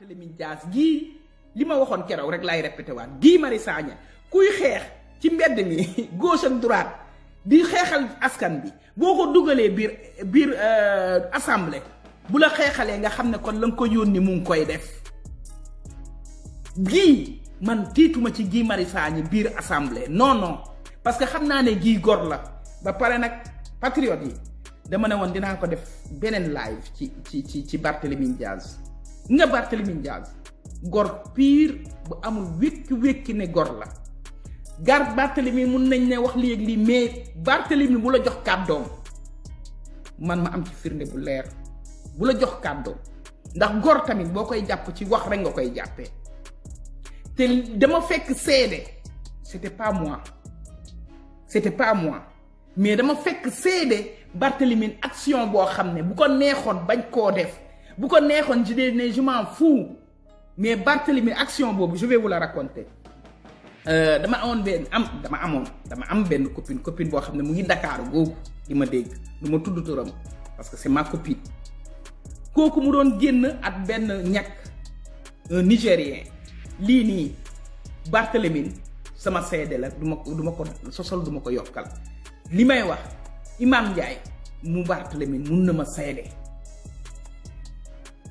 Barthélémy jas gii lima ma waxoon keroog rek lay répété waat gii Mari Sagna kuy xeex ci mbedd mi gauche ak droite di xeexal askan bi boo ko dugalee bir biir euh, assemblée bu la xeexalee nga xam kon la ko yónni mu ngi koy def gi man tiituma ci gii Mari Sagna biir assemblée non non parce que xam naa ne gor la ba pare nag patriote yi dama ko def benen live ci ci ci Barthélémy Dias nga gor pire bu amul ne gor la gar mun nañ ne wax ak mais Barthélemy, bu la jox kàddoom man ma am ci firnde bu bu la jox ndax gor tamit ci wax rek nga c'était pas moi c'était pas moi mais dama fekk seede bartelimi action boo xam ne bu ko neexoon bañ bu ko neexoon je dis ne je m'en fous mais Barthélemy action boobu je vais vous la raconter euh, dama amoon benn am dama amoon dama am benn copine copine boo xam ne mu ngi Dakar googu di ma dégg du ma tudd turam parce que c'est ma copine kooku mu doon génn ak benn ñàkk un Nigérien lii nii Barthélemy sama seede la du ma du ma ko sosol du ma ko yokkal li may wax Imam Ndiaye mu Barthélemy mun na ma seede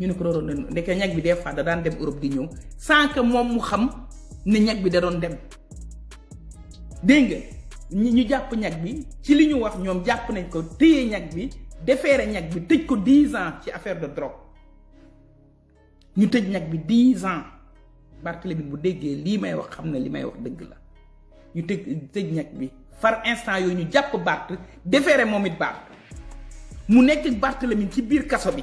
ñu ne ko doon nañu ndeke ñag bi des fois da daan dem Europe di ñëw sans que moom mu xam ne ñag bi da doon dem dégg nga ñi ñu jàpp ñag bi ci li ñu wax ñoom jàpp nañ ko téye ñag bi defeere ñag bi tëj ko 10 ans ci affaire de drogue ñu tëj ñag bi 10 ans Barthélémy bu déggee lii may wax xam ne li may wax dëgg la ñu tëj tëj ñag bi far instant yooyu ñu jàpp Barth defeere moom it Barth mu nekk Barthélémy ci biir kaso bi.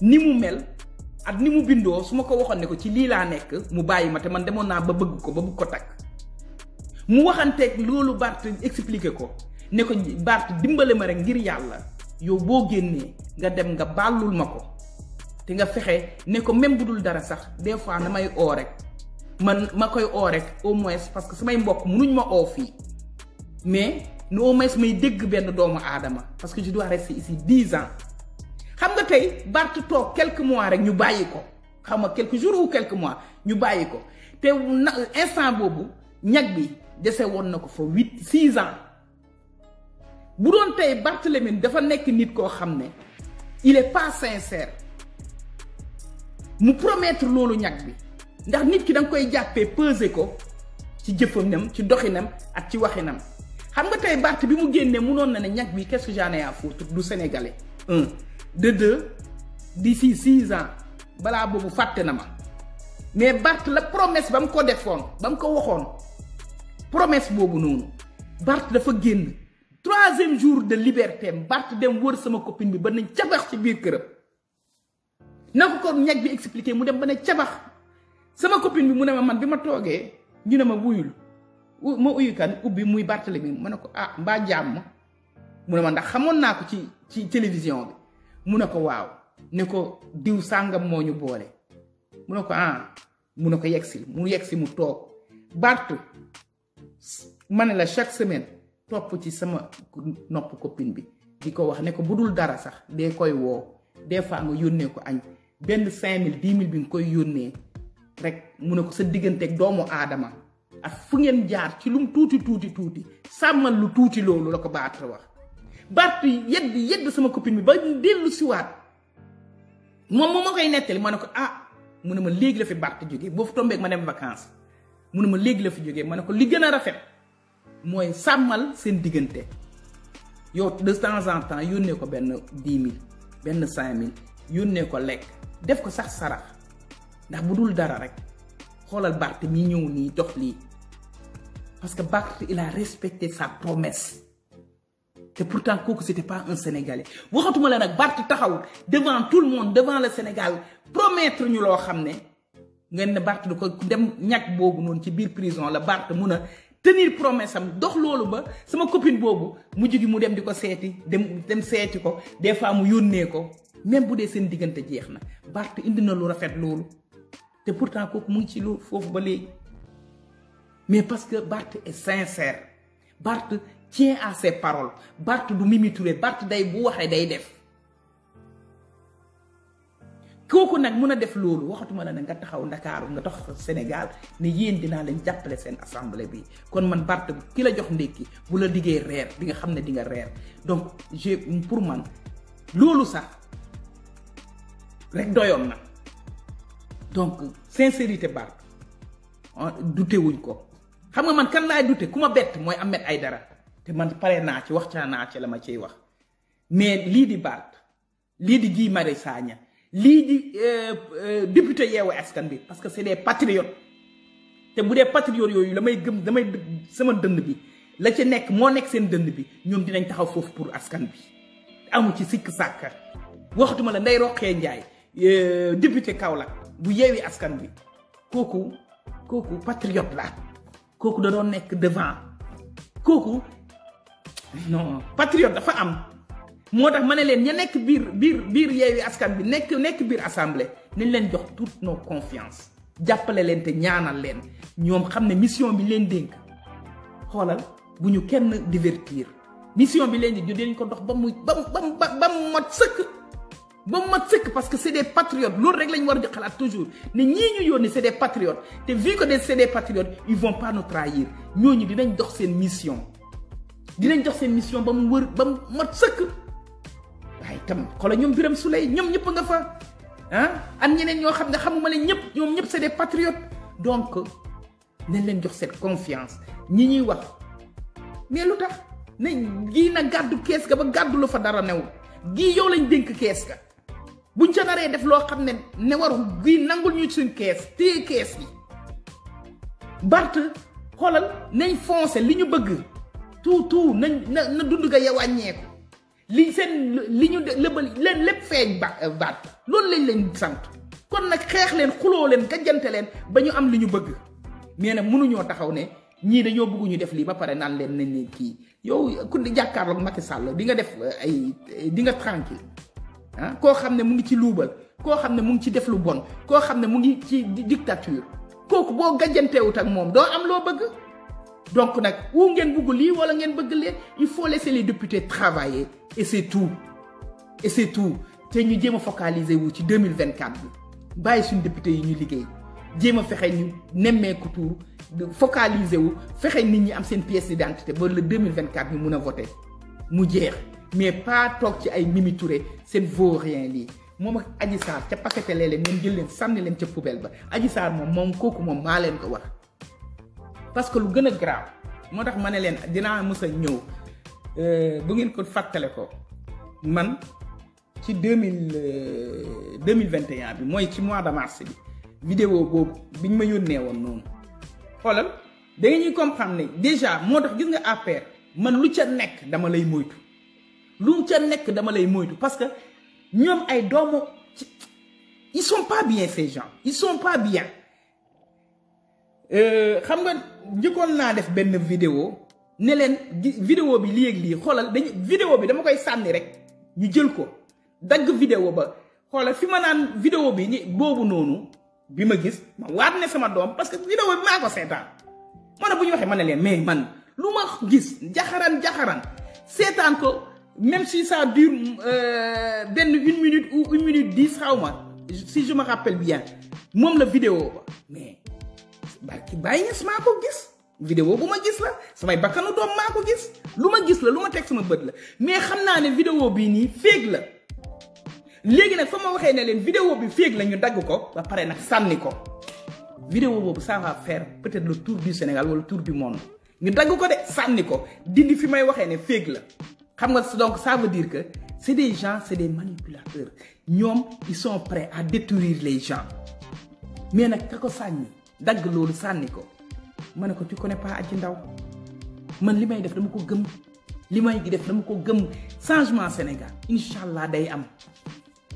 ni mu mel ak ni mu bindoo su ma ko waxoon ne ko ci lii laa nekk mu bàyyi ma te man demoon naa ba bëgg ko ba bëgg ko takk mu waxanteeg loolu Bart expliqué ko ne ko Bart dimbale ma rek ngir yàlla yow boo génnee nga dem nga bàllul ma ko te nga fexe ne ko même bu dul dara sax des fois damay oo rek man ma koy oo rek au moins parce que samay mbokk munuñ ma oo fii mais nu au moins may dégg benn doomu aadama parce que je dois rester ici dix ans tay tey a quelques mois rek ñu bayiko quelques jours ou quelques mois ñu bayiko té instant bobu ñag bi 8 fa ans bu les dafa nek nit ko xamné il est pas sincère mu promettre lolu ñag bi ndax nit ki dang koy jappé peser ko ci ci doxinam ak ci waxinam xam nga tay bart bi mu na ne ñag bi qu'est-ce que j'en ai à foutre du sénégalais de deux d'ici six ans bala mais bart la promesse bamko ko Je promesse faire troisième jour de liberté Je dem wër sama copine bi ba ne ci biir këram na ko ko bi expliquer mu dem ba ne sama copine bi mu ne ma man bima ma ñu ne ma wuyul ma kan muy ah télévision mu ne ko waaw ne ko diw sàngam moo ñu boole mu ne ko ah mu ne ko yegsi mu yegsi mu toog Barth ma ne la chaque semaine topp ci sama nopp copine bi di ko wax ne ko bu dul dara sax dee koy woo des fois nga yónnee ko añ benn sin mille dix mille bi nga koy yónnee rek mu ne ko sa digganteeg doomu aadama ak fu ngeen jaar ci lum tuuti tuuti tuuti sàmmal lu tuuti loolu la ko Barth wax Bart yedd yedd sama copine bi ba delu mom suis koy ko ah mu ne la fi Bart bo ma vacances la fi les li gëna rafet moy de temps en temps yónnee ko ben 10.000 mille 5.000. cinq ko lek def ko sax sarax ndax bu dara rek xolal mi dox parce que Bart il a respecté sa promesse et pourtant ce c'était pas un sénégalais waxatuma la nag Barth taxaw devant tout le monde devant le Sénégal promettre nous lo tu prison la tenir promesse am dox mon ba sama copine mu dem diko dem dem ko des fois mu ko même indi na lu rafet pourtant mu ci lu mais parce que est sincère Tiens à ses paroles Barth du day bu waxe day def Koku tu on a def lolu waxatuma la nga taxaw Dakar nga Sénégal Ni yeen dina leen sen assemblée bi kon man Bart ki la jox bu la nga que di nga donc je pour man lolu sax rek doyom donc sincérité Barth ah, dutewuñ ko xam nga man kan laay comment ku bett mooy Ahmed Aïdara te man pare naa ci waxtaan naa ci la ma ciy wax mais lii di Barth lii di Guy Marius Sagna lii di euh, euh, député yeewu askan bi parce que c'est des patriotes te bu dee patriotes yooyu damay may gëm damay sama dënn bi la ci nekk moo nekk seen dënn bi ñoom dinañ taxaw foofu pour askan bi amu ci sikk sàkka waxtuma la Ndeye Roqee Ndiaye euh, député la bu yeewi askan bi kooku kooku patriote la kooku da doon nekk devant kooku non patriote dafa am motax tax ma ne leen bir bir bir yeewi askan bi nek nek bir assemblée nañ leen jox toutes nos confiance jàppale leen te ñaanal leen ñom xamné mission bi leen dénk xolal buñu kenn divertir mission bi leen di ju ko dox ba Bam ba ba mu sëkk ba sëkk parce que c'est des patriotes lool rek lañ war di xalaat toujours ne ñi ñu yoni c'est des patriotes té vu que c'est des patriotes ils vont pas nous trahir ñooñu dinañ dox sen mission di leen jox seen mission ba mu wër ba mu mat sëkk waaye itam xoolal ñoom biram suley ñoom ñëpp nga fa ah am ñeneen ñoo xam ne xamuma leen ñëpp ñoom ñëpp c'est des patriotes donc nañ leen jox cette confiance ñi ñuy wax mais lu tax ne gii na gàddu kees ga ba gàddu lu fa dara new gii yow lañ dénk kees ga buñ ca naree def loo xam ne ne waru gii nangul ñu suñ kees téye kees bi bart xoolal nañ foncé li ñu bëgg tout tout na na dund ga wàññeeku li seen li ñu lëbal leen lépp feeñ ba euh, baat loolu lañ leen sant kon nag xeex leen xuloo leen kajjante leen ba ñu am li ñu bëgg mais nag mënuñoo taxaw ne ñii dañoo bëgg def lii ba pare naan leen na leen kii yow ku di jàkkaarloog Macky sàll di nga def euh, ay euh, di nga tranquille ah koo xam ne mu ngi ci luubal koo xam ne mu ngi ci def lu bon koo xam ne mu ngi ci dictature kooku boo gajjantewut ak moom doo am loo bëgg donc nak, wu ngeen bugg ou wala ngeen il faut laisser les députés travailler et c'est tout et c'est tout te ñu jéem focaliser wu ci 2024 bi bàyyi suñu député yi ñu liggéey jéem a fexe ñu nemmeeku tuur focaliser wu fexe nit ñi am seen pièce d'identité ba le 2024 ñu mun voter mu mais pas toog ci ay Mimi Touré vaut rien li. moom ak Adji Sarr ca paquete léeg-léeg ngeen jël leen ne leen ca poubelle ba Adji Sarr moom moom kooku moom maa ko wax parce que lu gën grave moo que je ne leen dinaa de a ñëw euh, bu ngeen ko fàttale ko man ci 2000 euh, bi ci mois de mars bi. vidéo boobu biñ ma yónnee woon noonu comprendre ne déjà moo tax gis nga APR man lu ca nekk dama lay moytu lu ca nekk dama lay moytu parce que ñoom ay doomu ils sont pas bien ces gens ils sont pas bien. Euh, xam nga njëkkoon naa def benn vidéo ne leen vidéo bi lii ak lii xoolal dañ vidéo bi dama koy sànni rek ñu jël ko dagg vidéo ba xoolal fi ma naan vidéo bi ñi boobu noonu bi ma gis ma waat ne sama doom parce que vidéo bi maa ko seetaan moo ne bu ñu waxee ma ne leen mais man lu ma gis jaxaran jaxaran seetaan ko même si ça dure euh, benn une minute ou une minute dix xaw ma si je me rappelle bien moom la vidéo ba mais barki bàyyi sama ko gis vidéo buma gis la samay bakkanu doom mako gis luma gis la luma tek sama beut la mais xamna né vidéo bi ni féeg la légui nak fa waxé né len vidéo bi féeg la ñu dag ko ba paré nak sanni ko vidéo bobu ça va faire peut-être le tour du Sénégal wala tour du monde ñu dag ko dé sanni ko dindi fi may waxé né féeg la xam nga donc ça veut dire que c'est des gens c'est des manipulateurs ñom ils sont prêts à détruire les gens mais nak kako sanni dagg loolu sànni ko ma ne ko tu connais pas Adji Ndao man li may def dama ko gëm li may def dama ko gëm changement Sénégal inshallah day am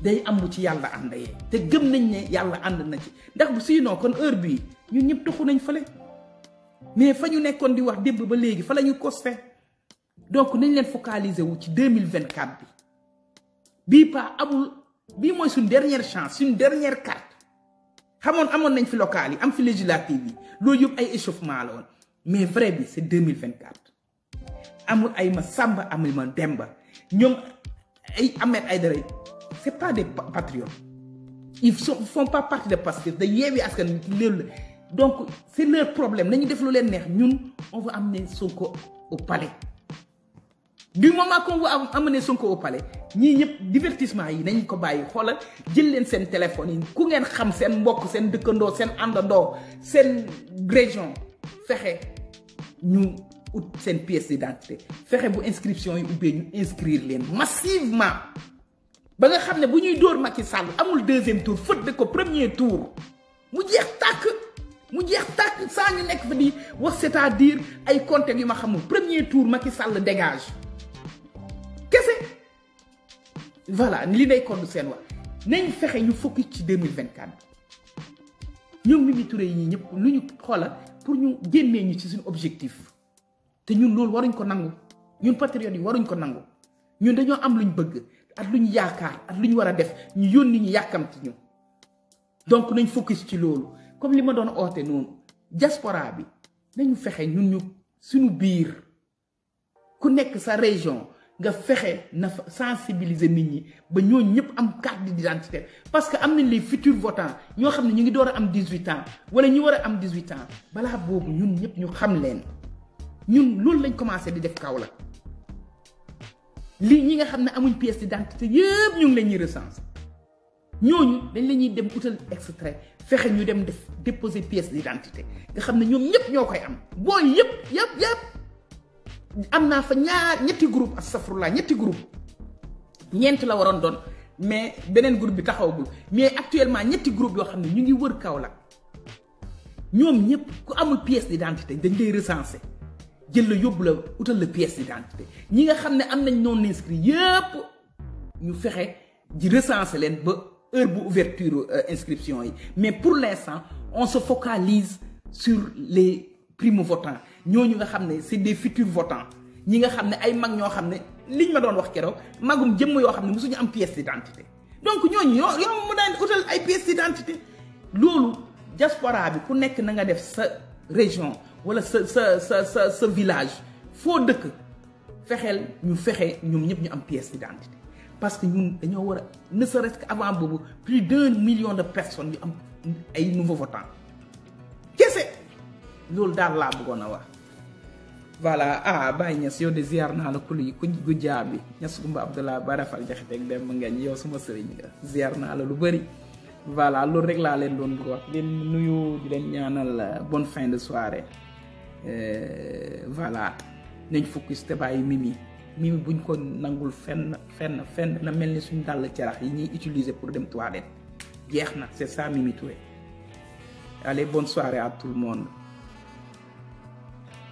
day am ci yàlla ànd te gëm nañ ne yàlla ànd na ci ndax bu sinon kon heure bii ñun ñëpp tuxu nañ fële mais fa ñu nekkoon di wax démb ba léegi fa la ñu costé donc nañ leen focaliser wu ci 2024 bi bii pas amul bii mooy suñ dernière chance suñ dernière carte I'm y nañ fi local yi am fi qui yi mais vrai c'est 2024 amul ay ma amul demba c'est pas des patriotes ils ne font pas partie de Pastef Askan donc c'est leur problème def lu neex ñun on va amener au palais du moment qu'on vous amener Sonko au palais ni ñëpp divertissement yi nañ ko bàyyi xoolal jël leen seen téléphone yi ku ngeen xam seen mbokk seen dëkkandoo sen andando, sen région fexe ñu ut sen pièce d'identité fexe bu inscription yi ubbee ñu inscrire leen massivement ba nga xam ne bu ñuy dóor Macky Sall amul deuxième tour faute de ko premier tour mu jeex tàkk mu jeex tàkk saa ñu nekk fa di wax c'est-à-dire ay contexte yu ma xamul premier tour Macky Sall dégage voilà li ce que sen nañ fexé nous focus ci 2024 Nous mi Touré yi ñep ñu pour ñu ñu ci suñu objectif Nous ñun lool waruñ ko nangu ñun patriotes yi waruñ ko nangu ñun nous am luñ bëgg at luñ yaakaar Nous luñ wara def ñu yoni ñu ci ñu donc nous focus ci loolu comme li ma doon oote diaspora bi nañu fexe ñun ñu suñu biir ku nekk sa région nga fexé sensibiliser nit ñi ba ñoo carte d'identité parce que les futurs votants ñoo ont 18 ans wala ñu 18 ans bala bobu ñun ñu xam leen ñun loolu lañ commencé di def kaw la ñi nga pièce d'identité Ils ñu ngi leen ñi ñooñu dañ la ñuy dem extrait déposer pièce d'identité nga ñoom am amna fa ñaar ñetti groupe astafurlah ñetti groupe ñent la waron don mais benen groupe bi taxawagul mais actuellement ñetti groupe yo xam ñu ngi wër Kaolack ñom ñëpp ku amul pièce d'identité dañ lay recenser jël la yóbbu la utal la pièce d'identité ñi nga xam ne am nañ non inscrit yépp ñu fexé di recenser leen ba heure bu ouverture euh, inscription yi mais pour l'instant on se focalise sur les primo-votants ñooñu nga xam ne c'est des futurs votants ñi nga xam ne ay mag ñoo xam ne liñ ma doon wax keroog magum jëmm yoo xam ne mosuñu am pièce d'identité donc ñooñu yoo yow mu daan utal ay pièce d'identité loolu diaspora bi ku nekk na nga def sa région wala sa sa sa sa sa village foo dëkk fexeel ñu fexe ñoom ñëpp ñu am pièce d'identité parce que ñun dañoo war a ne serait-ce avant boobu plus d'un million de personnes yu am ay nouveaux votants kese loolu daal la bëggoon wax voilà ah Baye Niass yow de ziar naa la ku luy bi Niass Goumba Abdallah Barafal jaxete ak dem Ngañ yow suma serigne nga ziar naa la lu bëri voilà loolu rek la leen doon bëgg wax leen nuyu di leen ñaanal euh, bonne fin de soirée euh, voilà nañ focus te bàyyi mimi mimi buñ ko nangul fenn fenn fenn na melni ni suñ dàll carax yi ñi utiliser pour dem toilette jeex na c'est ça Mimi toué. allez bonne soirée à tout le monde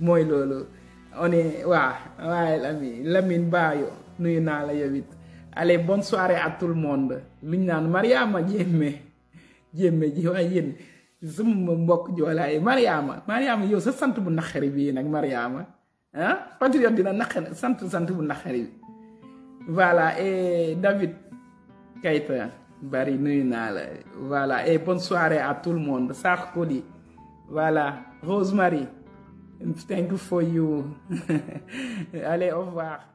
mooy loolu on est waa waaye Lamine Lamine Bayo nuyu naa la yow it allez bonne soirée à tout le monde lu ñu naan Mariama jéeme jéeme ji waaye yéen suma mbokk joolaay Mariama Mariama yow sa sant bu naqari bii nag Mariama ah patriote dina naqari sant sant bu naqari bi voilà et David Keita bari nuyu naa la voilà et bonne soirée à tout le monde Sarko di voilà Rosemary Thank you for you. Allez, au revoir.